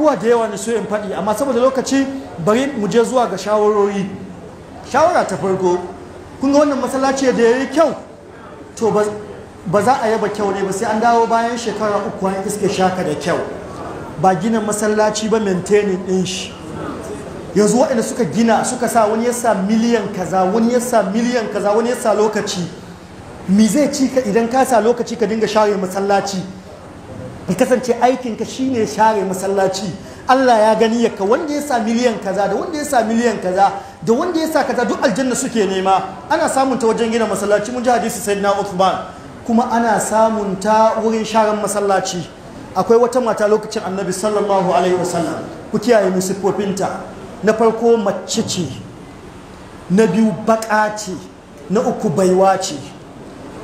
abubuwa da yawa na so in faɗi amma saboda lokaci bari mu je zuwa ga shawarori shawara ta farko kun ga wannan masallaci da ya yi kyau to ba za a yaba kyau ne ba sai an dawo bayan shekara uku an iske shaka da kyau ba gina masallaci ba maintaining din shi yanzu waɗanda suka gina suka sa wani ya sa miliyan kaza wani ya sa miliyan kaza wani ya sa lokaci me zai ci idan ka sa lokaci ka dinga share masallaci in kasance aikinka shine share masallaci Allah ya gani yaka wanda ya sa miliyan kaza da wanda ya sa miliyan kaza da wanda ya sa kaza duk aljanna suke nema ana samunta wajen gina masallaci mun ji hadisi sayyidina Uthman kuma ana samun ta wurin sharan masallaci akwai wata mata lokacin Annabi sallallahu alaihi wasallam ku kiyaye musifofinta na farko mace ce na biyu baka ce na uku baiwa ce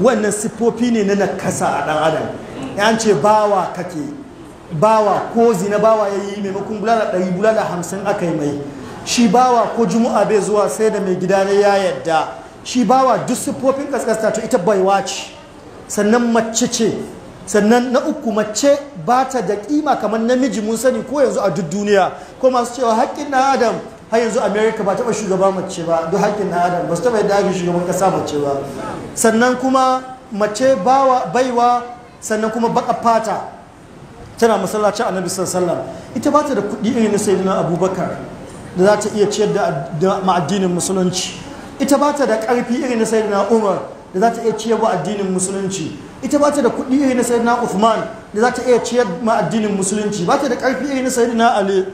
wannan sifofi ne na nakasa a dan adam ya ce bawa kake bawa ko zina bawa ya yi maimakon bulala ɗari bulala hamsin aka yi mai shi bawa ko jumu'a bai zuwa sai da mai gida ne ya yadda shi bawa duk siffofin kaskasta to ita baiwa ce sannan mace ce sannan na uku mace ba ta da ƙima kamar namiji mun sani ko yanzu a duk duniya ko masu cewa haƙƙin na adam har yanzu Amerika ba taɓa shugaba mace ba duk haƙƙin na adam ba su taɓa yadda ake shugaban ƙasa mace ba sannan kuma mace baiwa sannan kuma baka fata tana masallaci nabi sallallahu ita ba ta da kuɗi irin na sayyidina abubakar da za ta iya ciyar da ma'addinin musulunci ita ba ta da ƙarfi irin na sayyidina umar da za ta iya ciyar da addinin musulunci ita ba ta da kuɗi irin na sayyidina uthman da za ta iya ciyar da addinin musulunci ba ta da ƙarfi irin na sayyidina ali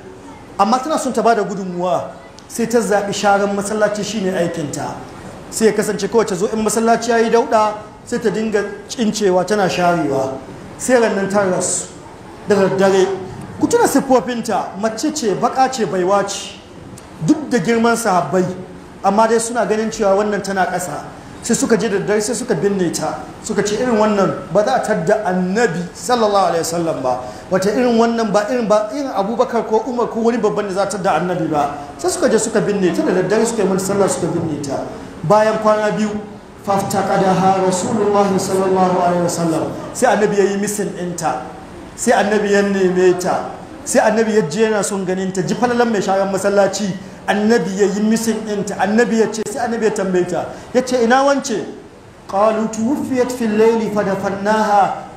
amma tana son ta ba da gudunmuwa sai ta zaɓi sharan masallaci shine aikinta sai ya kasance kawai zo in masallaci ya yi dauɗa sai ta dinga cincewa tana sharewa sai rannan ta rasu da daddare ku tuna siffofinta mace ce baka ce baiwa ce duk da girman sahabbai amma dai suna ganin cewa wannan tana ƙasa sai suka je daddare sai suka binne ta suka ce irin wannan ba za a tadda annabi sallallahu alaihi wasallam ba wata irin wannan ba irin ba irin abubakar ko umar ko wani babban da za a tadda annabi ba sai suka je suka binne ta da daddare suka yi mata sallah suka binne ta bayan kwana biyu faftaqadaha rasulullahi sallallahu alaihi wasallam sai annabi yayi misin inta sai annabi ya neme ta sai annabi ya je yana son ganin ta ji falalan mai sharan masallaci annabi ya yi misin inta annabi ya ce sai annabi ya tambaye ta ya ce ina wance qalu tuwfiyat fil layli fa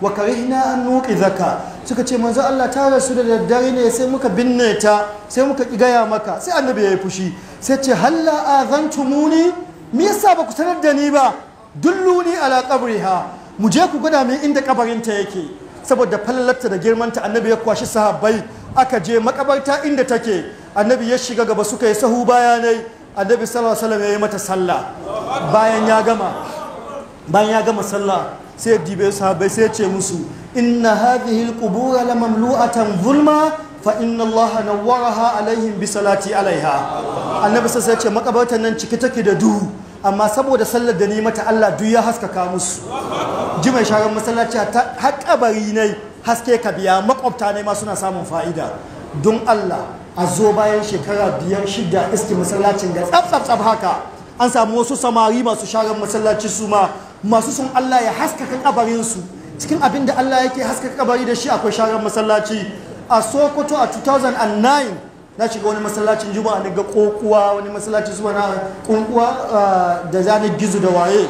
wa karihna an nuqizaka suka ce manzo Allah ta rasu da daddare ne sai muka binne ta sai muka ki gaya maka sai annabi ya yi fushi sai ce halla azantumuni me yasa ba ku sanar da ni ba dulluni ala qabriha mu je ku gwada min inda kabarin ta yake saboda fallarta da girman ta annabi ya kwashi sahabbai aka je makabarta inda take annabi ya shiga gaba suka yi sahu bayanai annabi sallallahu alaihi wasallam ya yi mata sallah bayan ya gama bayan ya gama sallah sai ya dibe sahabbai sai ya ce musu inna hadhihi alqubur lamamlu'atan zulma fa inna allaha nawwaraha alaihim bi salati alaiha annabi sai ya ce makabartar nan ciki take da duhu amma saboda sallar da ni mata Allah duk ya haskaka musu ji mai sharar masallaci ta kabari ne haske ka biya makwabta ne ma suna samun fa'ida don Allah a zo bayan shekara biyar shida iski masallacin ga tsaf haka an samu wasu samari masu sharan masallaci su ma masu sun Allah ya haskaka su cikin abin da Allah yake haskaka kabari da shi akwai sharan masallaci a Sokoto a 2009 na shiga wani masallacin juma'a na ga kokuwa wani masallacin zuwa na kunkuwa ah, da zanen gizo da waye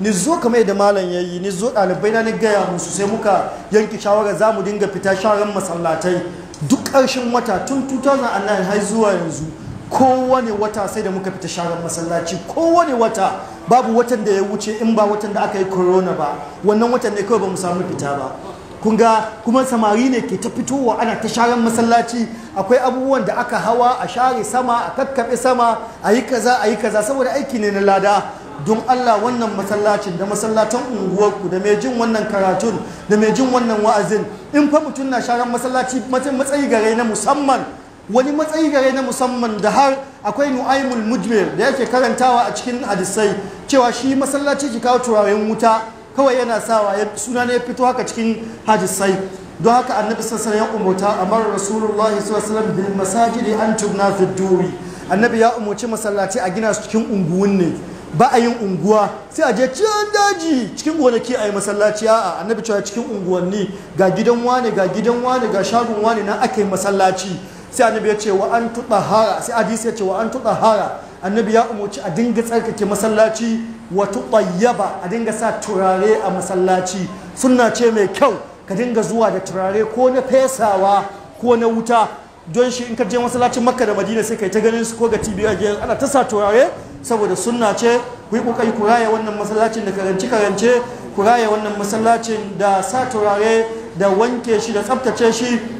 ni zo kamar yadda malam ya yi ni zo ɗalibai na ni gaya musu sai muka yanke shawara za mu dinga fita sharan masallatai duk ƙarshen wata tun 2009 har zuwa yanzu kowane wata sai da muka fita sharan masallaci kowane wata babu watan da ya wuce in ba watan da aka yi corona ba wannan watan ne kawai ba mu samu fita ba Kunga kuma samari ne ke ta fitowa ana ta sharan masallaci akwai abubuwan da aka hawa a share sama a kakkaɓe sama a yi kaza a yi kaza saboda aiki ne na lada don Allah wannan masallacin da masallatan unguwarku da mai jin wannan karatun da mai jin wannan wa'azin in fa mutum na sharan masallaci matsayi gare na musamman wani matsayi gare na musamman da har akwai nu'aimul mujmir da yake karantawa a cikin hadisai cewa shi masallaci ke kawo turaren wuta kawai yana sawa suna ne ya fito haka cikin hajji sai don haka annabi sassan ya umarta amara rasulullahi sallallahu bil masajidi an tubna fi duri annabi ya umarci masallaci a gina su cikin unguwun ne ba a yin unguwa sai a je cikin daji cikin gonaki a yi masallaci a annabi cewa cikin unguwanni ga gidan wane ga gidan wane ga shagon wane na aka yi masallaci sai annabi ya ce wa an hara sai hadisi ya ce wa an hara annabi ya umarci a dinga tsarkake masallaci wa yaba a dinga sa turare a masallaci sunna ce mai kyau ka dinga zuwa da turare ko na fesawa ko na wuta don shi in ka je masallacin makka da madina sai ka kai ta ganin su ko ga tv ana ta sa turare saboda sunna ce ku yi kokari ku raya wannan masallacin da karance karance ku raya wannan masallacin da sa turare da wanke shi da tsaftace shi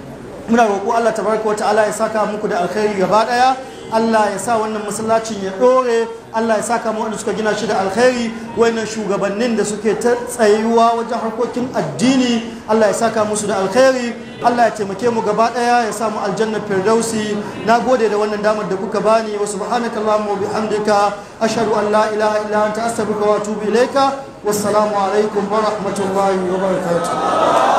muna roƙo Allah tabaraka wa ta'ala ya saka muku da alkhairi gaba daya Allah ya sa wannan masallacin ya ɗore Allah ya saka mu wanda suka gina shi da alkhairi wannan shugabannin da suke ta tsayuwa wajen harkokin addini Allah ya saka musu da alkhairi Allah ya taimake mu gaba daya ya sa mu aljanna firdausi na gode da wannan damar da kuka bani wa subhanaka allahumma wa bihamdika ashhadu an la ilaha illa anta astaghfiruka wa atubu ilaika wassalamu alaikum wa rahmatullahi wa barakatuh